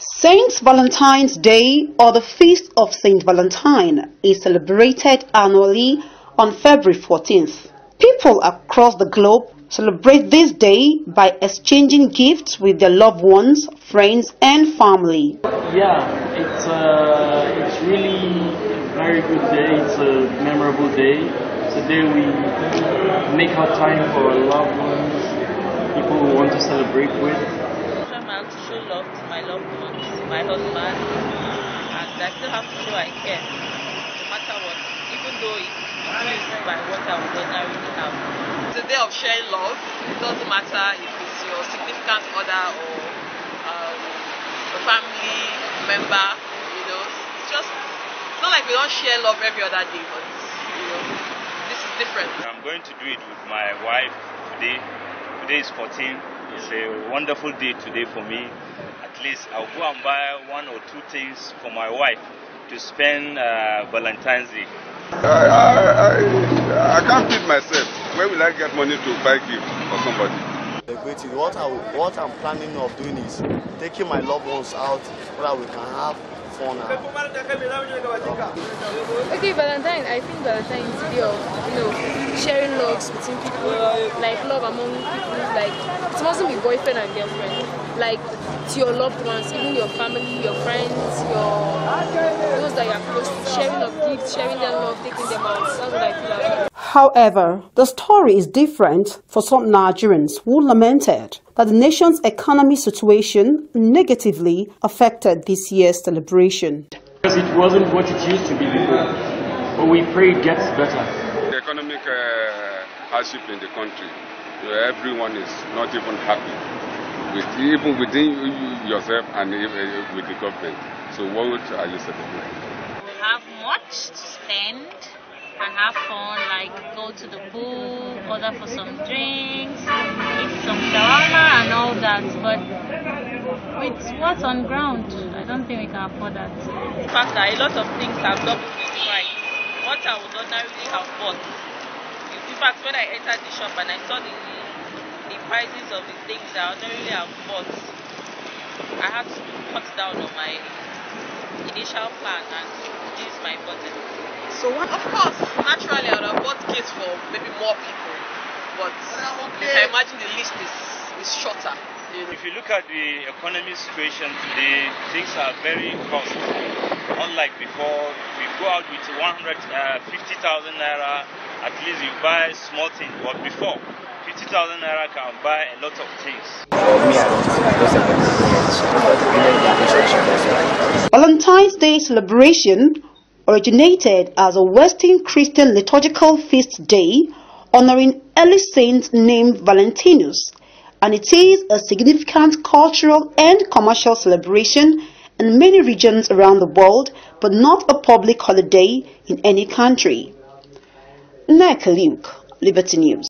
Saint Valentine's Day or the Feast of Saint Valentine is celebrated annually on February 14th. People across the globe celebrate this day by exchanging gifts with their loved ones, friends and family. Yeah, it's, uh, it's really a very good day. It's a memorable day. It's a day we make our time for our loved ones, people we want to celebrate with. show love to my loved ones, my husband, and I still have to show I care, no matter what, even though it's increased by what I would ordinarily have. It's a day of sharing love. It doesn't matter if it's your significant other or um, a family member, you know. It's just, it's not like we don't share love every other day, but, you know, this is different. I'm going to do it with my wife today. Today is 14. It's a wonderful day today for me. At least I'll go and buy one or two things for my wife to spend uh, Valentine's Day. I, I, I, I can't feed myself. Where will I get money to buy gifts for somebody? celebrating. What, I, what I'm planning of doing is taking my loved ones out so that we can have fun. Okay, Valentine, I think Valentine is a of, you know, sharing loves between people, like love among people, like it mustn't be boyfriend and girlfriend, like to your loved ones, even your family, your friends, your those that you are close, to, sharing of gifts, sharing their love, taking them out. That's what I feel like. However, the story is different for some Nigerians who lamented that the nation's economy situation negatively affected this year's celebration. Because it wasn't what it used to be before, but we pray it gets better. The economic uh, hardship in the country, uh, everyone is not even happy, with, even within yourself and uh, uh, with the government. So what are you celebrating? We have much to spend and have fun, like go to the pool, order for some drinks, eat some shawarma and all that. But with what's on ground, I don't think we can afford that. In fact, a lot of things have doubled in price. What I would ordinarily have bought. In fact, when I entered the shop and I saw the, the prices of the things that I ordinarily have bought, I had to cut down on my initial plan and reduce my budget. So what? Of course, naturally, I would have bought gifts for maybe more people, but you can imagine the list is, is shorter. You know? If you look at the economy situation today, things are very costly. Unlike before, if you go out with 150,000 uh, naira, at least you buy small things. But before, 50,000 naira can buy a lot of things. Valentine's Day celebration originated as a Western Christian liturgical feast day honoring early saint named Valentinus, and it is a significant cultural and commercial celebration in many regions around the world, but not a public holiday in any country. Nick Luke, Liberty News.